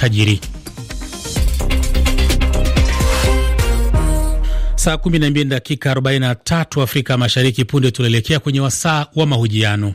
tajiri. Saa 12 dakika 43 Afrika Mashariki. Punde tunaelekea kwenye wasaa wa mahojiano.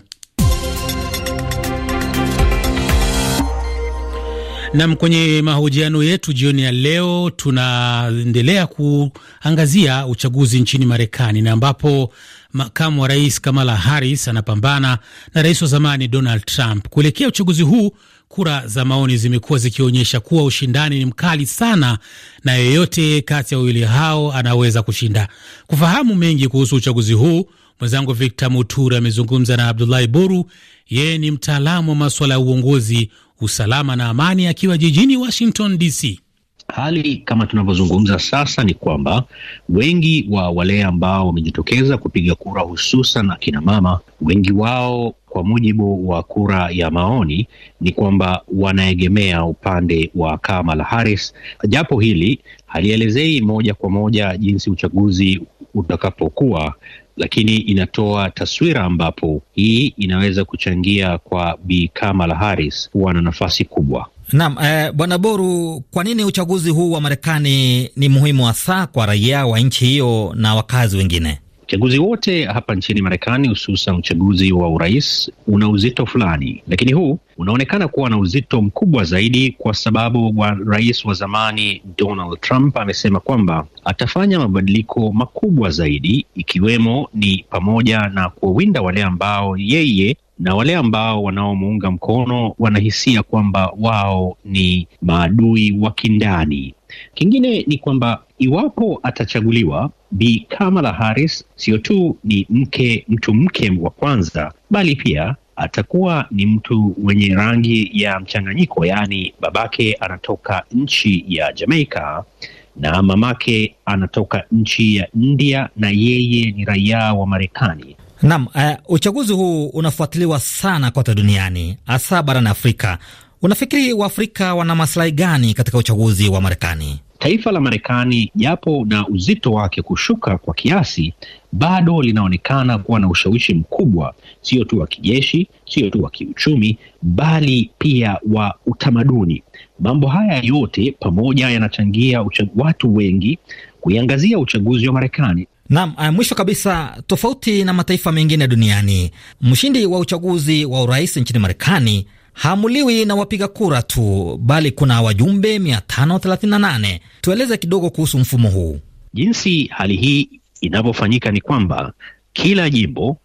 Nam, kwenye mahojiano yetu jioni ya leo tunaendelea kuangazia uchaguzi nchini Marekani na ambapo makamu wa rais Kamala Harris anapambana na rais wa zamani Donald Trump kuelekea uchaguzi huu kura za maoni zimekuwa zikionyesha kuwa ushindani ni mkali sana na yeyote kati ya wawili hao anaweza kushinda. Kufahamu mengi kuhusu uchaguzi huu, mwenzangu Victor muturi amezungumza na Abdullahi Boru, yeye ni mtaalamu wa maswala ya uongozi, usalama na amani, akiwa jijini Washington DC. Hali kama tunavyozungumza sasa ni kwamba wengi wa wale ambao wamejitokeza kupiga kura, hususan akina mama, wengi wao kwa mujibu wa kura ya maoni ni kwamba wanaegemea upande wa Kamala Harris, japo hili halielezei moja kwa moja jinsi uchaguzi utakapokuwa lakini inatoa taswira ambapo hii inaweza kuchangia kwa Bi Kamala Harris kuwa na nafasi kubwa. Naam, eh, Bwana Boru, kwa nini uchaguzi huu wa Marekani ni muhimu hasa kwa raia wa nchi hiyo na wakazi wengine? Uchaguzi wote hapa nchini Marekani, hususan uchaguzi wa urais, una uzito fulani, lakini huu unaonekana kuwa na uzito mkubwa zaidi kwa sababu wa rais wa zamani Donald Trump amesema kwamba atafanya mabadiliko makubwa zaidi, ikiwemo ni pamoja na kuwawinda wale ambao yeye na wale ambao wanaomuunga mkono wanahisia kwamba wao ni maadui wa kindani. Kingine ni kwamba iwapo atachaguliwa, Bi Kamala Harris sio tu ni mke mtu mke wa kwanza, bali pia atakuwa ni mtu mwenye rangi ya mchanganyiko, yaani babake anatoka nchi ya jamaika na mamake anatoka nchi ya India na yeye ni raia wa Marekani. Naam, uh, uchaguzi huu unafuatiliwa sana kote duniani hasa barani Afrika. Unafikiri Waafrika wana maslahi gani katika uchaguzi wa Marekani? Taifa la Marekani japo na uzito wake kushuka kwa kiasi, bado linaonekana kuwa na ushawishi mkubwa, sio tu wa kijeshi, sio tu wa kiuchumi, bali pia wa utamaduni. Mambo haya yote pamoja yanachangia watu wengi kuiangazia uchaguzi wa Marekani. Naam, eh, mwisho kabisa, tofauti na mataifa mengine duniani, mshindi wa uchaguzi wa urais nchini Marekani haamuliwi na wapiga kura tu, bali kuna wajumbe 538. Tueleze kidogo kuhusu mfumo huu. Jinsi hali hii inavyofanyika ni kwamba kila jimbo,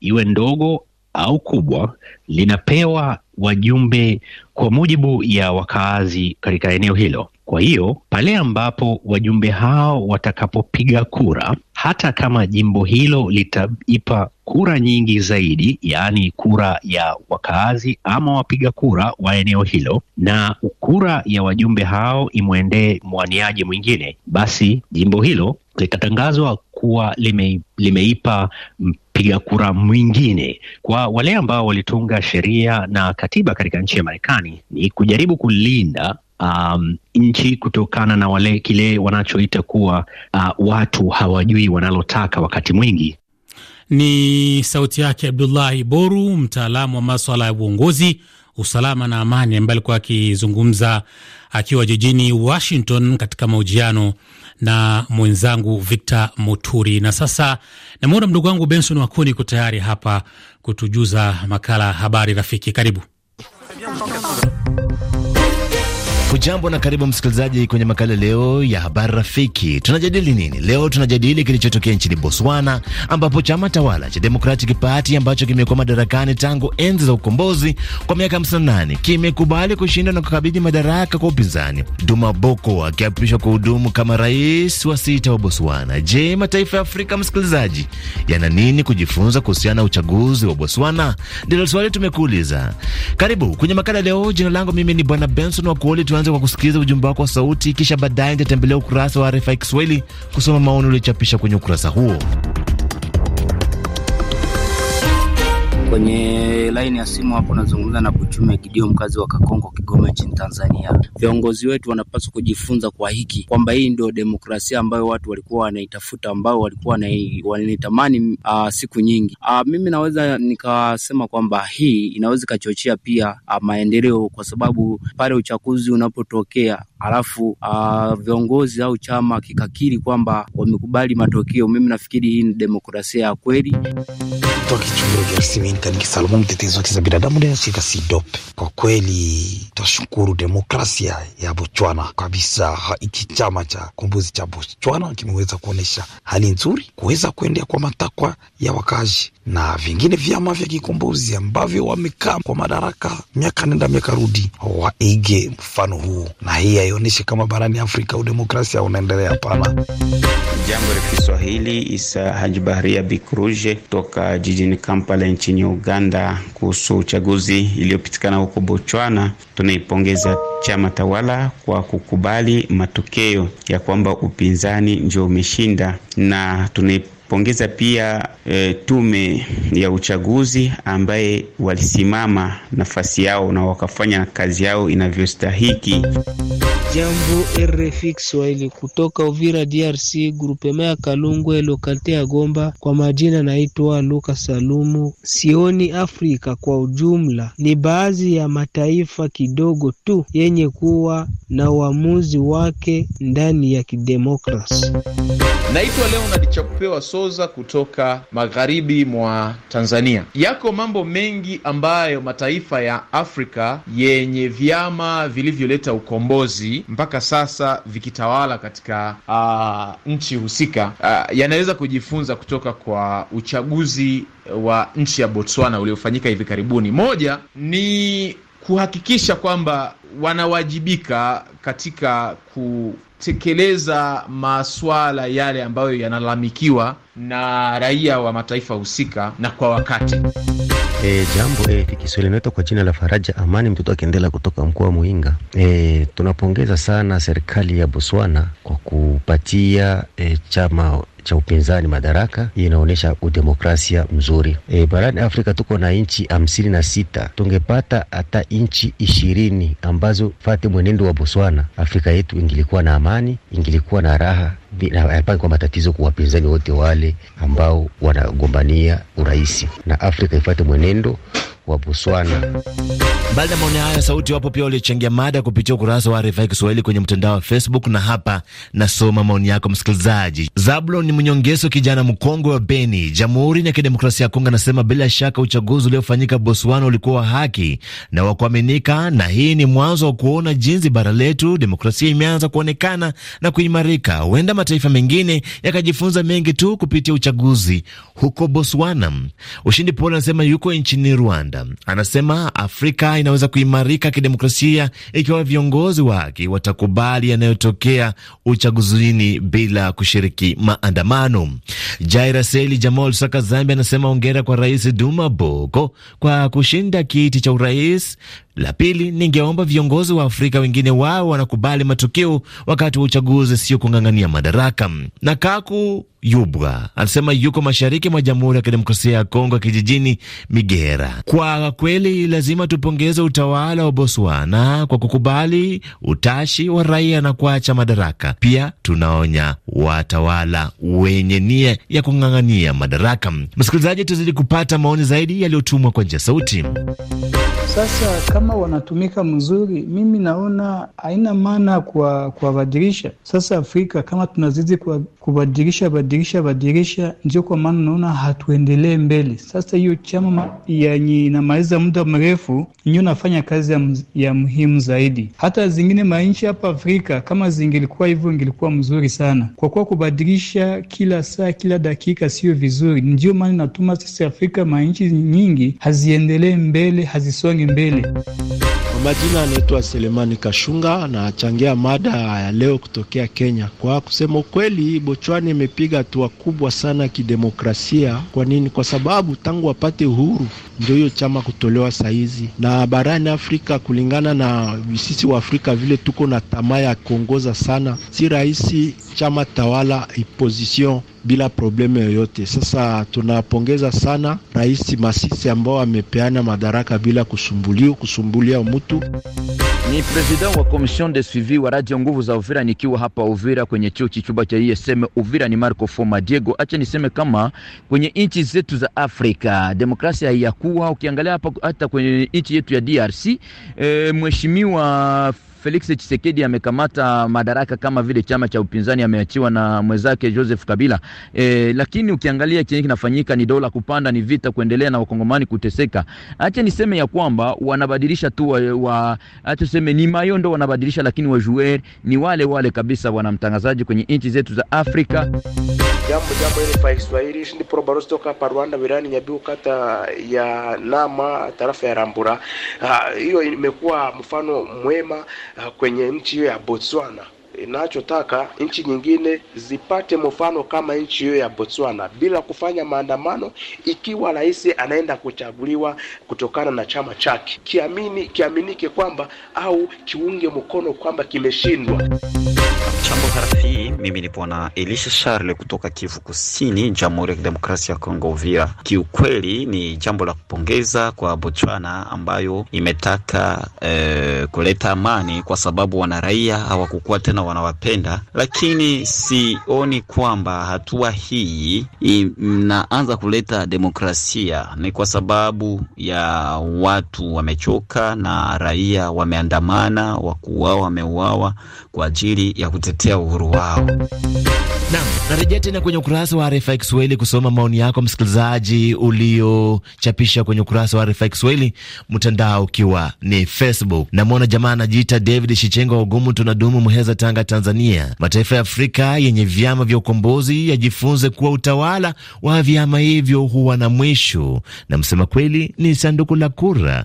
iwe ndogo au kubwa, linapewa wajumbe kwa mujibu ya wakaazi katika eneo hilo. Kwa hiyo pale ambapo wajumbe hao watakapopiga kura, hata kama jimbo hilo litaipa kura nyingi zaidi, yaani kura ya wakaazi ama wapiga kura wa eneo hilo, na kura ya wajumbe hao imwendee mwaniaji mwingine, basi jimbo hilo litatangazwa kuwa lime, limeipa mpiga kura mwingine. Kwa wale ambao walitunga sheria na katiba katika nchi ya Marekani ni kujaribu kulinda um, nchi kutokana na wale kile wanachoita kuwa uh, watu hawajui wanalotaka wakati mwingi. Ni sauti yake Abdullahi Boru, mtaalamu wa maswala ya uongozi, usalama na amani, ambaye alikuwa akizungumza akiwa jijini Washington katika mahojiano na mwenzangu Victor moturi Na sasa namwona mdogo wangu Benson Wakuni yuko tayari hapa kutujuza makala Habari Rafiki. Karibu Hujambo na karibu msikilizaji kwenye makala leo ya habari rafiki. Tunajadili nini leo? Tunajadili kilichotokea nchini Botswana, ambapo chama tawala cha Democratic Party ambacho kimekuwa madarakani tangu enzi za ukombozi kwa miaka 58 kimekubali kushinda na kukabidhi madaraka kwa upinzani, Duma Boko akiapishwa kuhudumu kama rais wa sita wa Botswana. Je, mataifa ya Afrika msikilizaji, yana nini kujifunza kuhusiana na uchaguzi wa Botswana? Ndilo swali tumekuuliza. Karibu kwenye makala leo. Jina langu mimi ni Bwana Benson Wakuoli tuanze kwa kusikiliza ujumbe wako wa sauti, kisha baadaye nitatembelea ukurasa wa RFI Kiswahili kusoma maoni uliochapisha kwenye ukurasa huo. Kwenye laini ya simu hapo nazungumza na Buchume Gidio, mkazi wa Kakongo, Kigoma nchini Tanzania. Viongozi wetu wanapaswa kujifunza kwa hiki kwamba hii ndio demokrasia ambayo watu walikuwa wanaitafuta, ambao walikuwa wanaitamani ah, siku nyingi. Aa, ah, mimi naweza nikasema kwamba hii inaweza ikachochea pia ah, maendeleo, kwa sababu pale uchaguzi unapotokea alafu uh, viongozi au chama kikakiri kwamba wamekubali matokeo, mimi nafikiri hii ni demokrasia ya kweli. Kisalumu, mtetezi wa haki za binadamu na Sidope, kwa kweli tashukuru demokrasia ya Botswana kabisa. Hiki chama cha kombozi cha Botswana kimeweza kuonyesha hali nzuri, kuweza kuendea kwa matakwa ya wakazi na vingine vyama vya kikombozi ambavyo wamekaa kwa madaraka miaka nenda miaka rudi, waige mfano huu na hii haionyeshi kama barani Afrika udemokrasia unaendelea. Hapana. Jambo la Kiswahili, Isa Haji Baharia Bikruje toka jijini Kampala nchini Uganda, kuhusu uchaguzi iliyopitikana huko Botswana. Tunaipongeza chama tawala kwa kukubali matokeo ya kwamba upinzani ndio umeshinda na tuna pongeza pia e, tume ya uchaguzi ambaye walisimama nafasi yao na wakafanya kazi yao inavyostahiki. Jambo RFI Kiswahili kutoka Uvira DRC, grupema ya Kalungwe, lokalite ya Gomba. Kwa majina naitwa Luka Salumu. Sioni Afrika kwa ujumla ni baadhi ya mataifa kidogo tu yenye kuwa na uamuzi wake ndani ya kidemokrasi. Naitwa Leonard Chakupewa Soza kutoka magharibi mwa Tanzania. Yako mambo mengi ambayo mataifa ya Afrika yenye vyama vilivyoleta ukombozi mpaka sasa vikitawala katika uh, nchi husika uh, yanaweza kujifunza kutoka kwa uchaguzi wa nchi ya Botswana uliofanyika hivi karibuni. Moja ni kuhakikisha kwamba wanawajibika katika ku tekeleza maswala yale ambayo yanalalamikiwa na raia wa mataifa husika na kwa wakati. E, jambo e, Kiswahili inaitwa kwa jina la Faraja Amani mtoto akiendelea kutoka mkoa wa Muinga. E, tunapongeza sana serikali ya Botswana kwa kupatia e, chama cha upinzani madaraka. Hii inaonyesha udemokrasia mzuri. E, barani Afrika tuko na nchi hamsini na sita. Tungepata hata nchi ishirini ambazo fate mwenendo wa Botswana, Afrika yetu ingilikuwa na amani zamani ingilikuwa na raha hayapangi kwa matatizo kwa wapinzani wote wale ambao wanagombania urais, na Afrika ifuate mwenendo wa Botswana. Mbali na maoni hayo sauti, wapo pia waliochangia mada kupitia ukurasa wa RFI Kiswahili kwenye mtandao wa Facebook, na hapa nasoma maoni yako msikilizaji. Zablon ni Mnyongeso, kijana mkongwe wa Beni, Jamhuri ya Kidemokrasia ya Kongo, anasema bila shaka uchaguzi uliofanyika Botswana ulikuwa wa haki na wa kuaminika, na hii ni mwanzo wa kuona jinsi bara letu demokrasia imeanza kuonekana na kuimarika. Huenda mataifa mengine yakajifunza mengi tu kupitia uchaguzi. Huko Botswana, Ushindi paul anasema yuko nchini Rwanda, anasema Afrika inaweza kuimarika kidemokrasia ikiwa viongozi wake watakubali yanayotokea uchaguzini bila kushiriki maandamano. Jaira Seli Jamal Saka Zambia anasema ongera kwa Rais Duma Boko kwa kushinda kiti cha urais. La pili, ningeomba viongozi wa Afrika wengine wao wanakubali matokeo wakati wa uchaguzi, sio kung'ang'ania madaraka. Na Kaku Yubwa anasema yuko mashariki mwa Jamhuri ya Kidemokrasia ya Kongo, kijijini Migera. Kwa kweli, lazima tupongeze utawala wa Botswana kwa kukubali utashi wa raia na kuacha madaraka. Pia tunaonya watawala wenye nia ya kung'ang'ania madaraka. Msikilizaji, tuzidi kupata maoni zaidi yaliyotumwa kwa njia sauti. Sasa kama kama wanatumika mzuri, mimi naona haina maana kwa kuwabadilisha. Sasa Afrika kama tunazidi kubadilisha badilisha badilisha, ndio kwa maana naona hatuendelee mbele. Sasa hiyo chama yenye inamaliza muda mrefu ndio nafanya kazi ya, ya muhimu zaidi. Hata zingine manchi hapa Afrika kama zingilikuwa hivyo ingilikuwa mzuri sana, kwa kuwa kubadilisha kila saa kila dakika sio vizuri. Ndio maana inatuma sisi Afrika manchi nyingi haziendelee mbele, hazisongi mbele. Kwa majina anaitwa Selemani Kashunga, nachangia mada ya leo kutokea Kenya. Kwa kusema ukweli, Bochwani imepiga hatua kubwa sana kidemokrasia. Kwa nini? Kwa sababu tangu wapate uhuru ndio hiyo chama kutolewa sahizi, na barani Afrika, kulingana na sisi wa Afrika vile tuko na tamaa ya kuongoza sana, si rahisi chama tawala opposition bila problemu yoyote. Sasa tunapongeza sana Rais Masisi ambao amepeana madaraka bila kusumbuliwa kusumbulia mtu. Ni president wa komision de suivi wa radio nguvu za Uvira, nikiwa hapa Uvira kwenye chuo kichumba cha ISM e Uvira. Ni Marco Foma Diego. Acha niseme kama kwenye nchi zetu za Afrika demokrasia haiyakuwa, ukiangalia hapa hata kwenye nchi yetu ya DRC e, eh, mheshimiwa Felix Tshisekedi amekamata madaraka kama vile chama cha upinzani ameachiwa na mwenzake Joseph Kabila. E, lakini ukiangalia kile kinafanyika ni dola kupanda, ni vita kuendelea na wakongomani kuteseka. Acha niseme ya kwamba wanabadilisha tu wa, wa acha tuseme ni mayo ndo wanabadilisha, lakini wa jouer ni wale wale kabisa. Wanamtangazaji kwenye nchi zetu za Afrika. Jambo jambo ile fa Kiswahili shindi pro barosi toka hapa Rwanda wilani Nyabihu kata ya Nama tarafa ya Rambura. Ah, hiyo imekuwa mfano mwema Eh, kwenye nchi hiyo ya Botswana. Inachotaka nchi nyingine zipate mfano kama nchi hiyo ya Botswana bila kufanya maandamano, ikiwa rais anaenda kuchaguliwa kutokana na chama chake, kiamini kiaminike kwamba au kiunge mkono kwamba kimeshindwa. Jambo harafi, mimi ni bwana Elisha sharle kutoka Kivu Kusini, Jamhuri ya Kidemokrasia ya Kongo, Uvira. Kiukweli ni jambo la kupongeza kwa Botswana ambayo imetaka eh, kuleta amani, kwa sababu wanaraia hawakukuwa tena wanawapenda, lakini sioni kwamba hatua hii inaanza kuleta demokrasia. Ni kwa sababu ya watu wamechoka na raia wameandamana, wakuuawa wameuawa kwa ajili ya kute kutetea uhuru wao. Naam, narejea tena kwenye ukurasa wa RFI Kiswahili kusoma maoni yako msikilizaji uliochapisha kwenye ukurasa wa RFI Kiswahili, mtandao ukiwa ni Facebook. Namwona jamaa anajiita David Shichenga Wagumu, tunadumu Muheza, Tanga, Tanzania. Mataifa ya Afrika yenye vyama vya ukombozi yajifunze kuwa utawala wa vyama hivyo huwa na mwisho, na msema kweli ni sanduku la kura,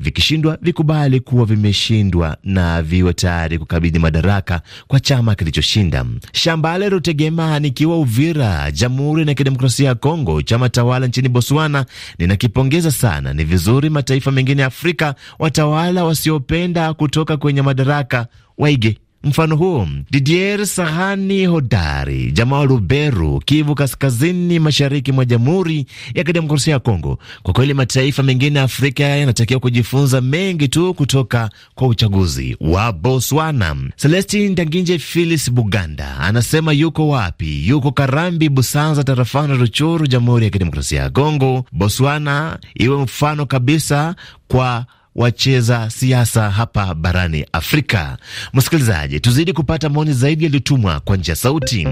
vikishindwa vikubali kuwa vimeshindwa na viwe tayari kukabidhi madaraka kwa chama chama kilichoshinda. Shambale Rutegema nikiwa Uvira, Jamhuri na Kidemokrasia ya Kongo, chama tawala nchini Botswana, ninakipongeza sana. Ni vizuri mataifa mengine ya Afrika watawala wasiopenda kutoka kwenye madaraka waige Mfano huo Didier Sahani hodari, jamaa wa Luberu, Kivu Kaskazini, mashariki mwa Jamhuri ya Kidemokrasia ya Kongo. Kwa kweli mataifa mengine Afrika yanatakiwa kujifunza mengi tu kutoka kwa uchaguzi wa Botswana. Celestin Danginje Filis Buganda anasema yuko wapi? Yuko Karambi, Busanza, tarafana Ruchuru, Jamhuri ya Kidemokrasia ya Kongo. Botswana iwe mfano kabisa kwa wacheza siasa hapa barani Afrika. Msikilizaji, tuzidi kupata maoni zaidi yaliyotumwa kwa njia sauti.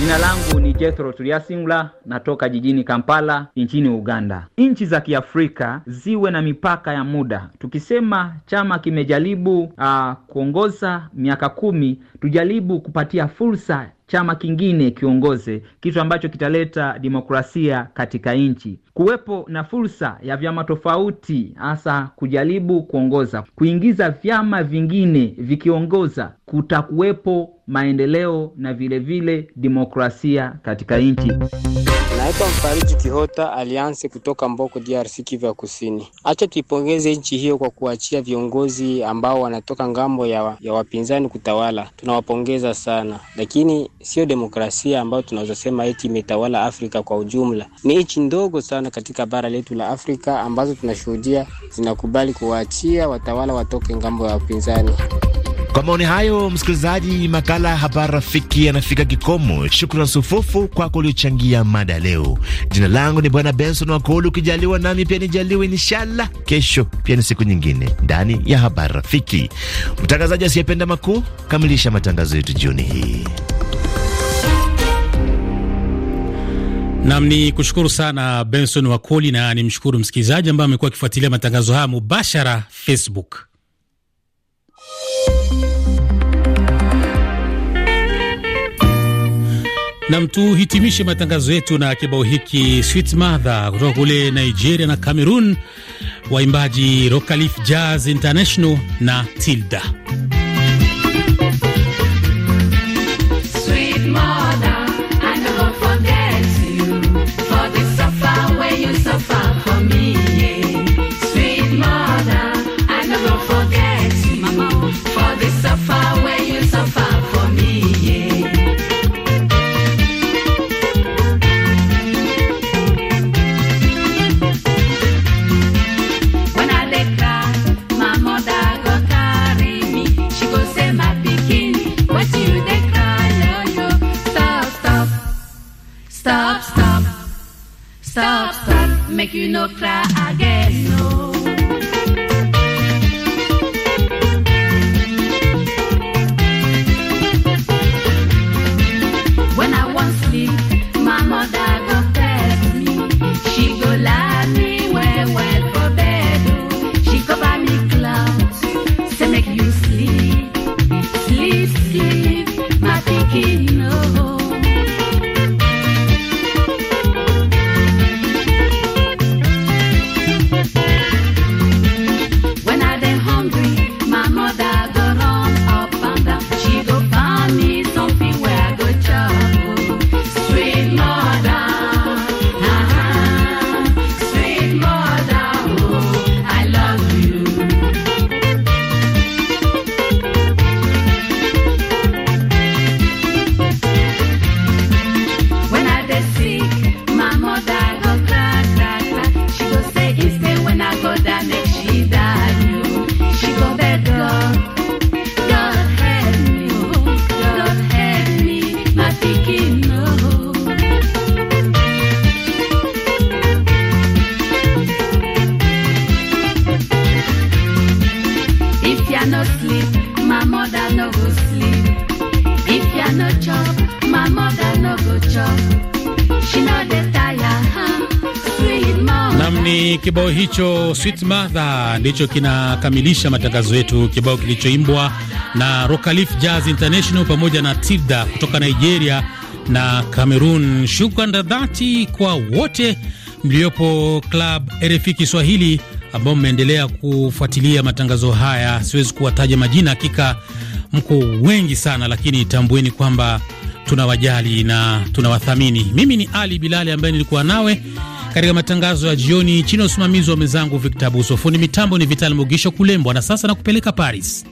Jina langu ni Jethro Tuliasingla, natoka jijini Kampala nchini Uganda. Nchi za Kiafrika ziwe na mipaka ya muda. Tukisema chama kimejaribu uh, kuongoza miaka kumi, tujaribu kupatia fursa chama kingine kiongoze, kitu ambacho kitaleta demokrasia katika nchi. Kuwepo na fursa ya vyama tofauti, hasa kujaribu kuongoza, kuingiza vyama vingine vikiongoza, kutakuwepo maendeleo na vilevile vile demokrasia katika nchi. Naitwa Mfariji Kihota Alianse kutoka Mboko, DRC, Kivu ya Kusini. Acha tuipongeze nchi hiyo kwa kuachia viongozi ambao wanatoka ngambo ya, ya wapinzani kutawala, tunawapongeza sana, lakini sio demokrasia ambayo tunaweza sema eti imetawala Afrika kwa ujumla. Ni nchi ndogo sana katika bara letu la Afrika ambazo tunashuhudia zinakubali kuwaachia watawala watoke ngambo ya wapinzani. Kwa maoni hayo, msikilizaji, makala Habari Rafiki yanafika kikomo. Shukran sufufu kwako uliochangia mada leo. Jina langu ni Bwana Benson Wakoli, ukijaliwa nami pia nijaliwe, inshallah kesho pia ni siku nyingine ndani ya Habari Rafiki. Mtangazaji asiyependa makuu kamilisha matangazo yetu jioni hii. Nam ni kushukuru sana Benson Wakoli na nimshukuru msikilizaji ambaye amekuwa akifuatilia matangazo haya mubashara Facebook. Nam, tuhitimishe matangazo yetu na kibao hiki Sweet Mother kutoka kule Nigeria na Cameroon, waimbaji Rockalife Jazz International na Tilda. make you no cry again, no. kibao hicho Sweet Mother ndicho kinakamilisha matangazo yetu, kibao kilichoimbwa na Rockalif Jazz International pamoja na Tilda kutoka Nigeria na Cameroon. Shukran na dhati kwa wote mliopo Club RFI Kiswahili ambao mmeendelea kufuatilia matangazo haya. Siwezi kuwataja majina, hakika mko wengi sana, lakini tambueni kwamba tunawajali na tunawathamini. Mimi ni Ali Bilali ambaye nilikuwa nawe katika matangazo ya jioni chini ya usimamizi wa mwenzangu Victor Buso. Fundi mitambo ni Vital Mugisho Kulembwa, na sasa na kupeleka Paris.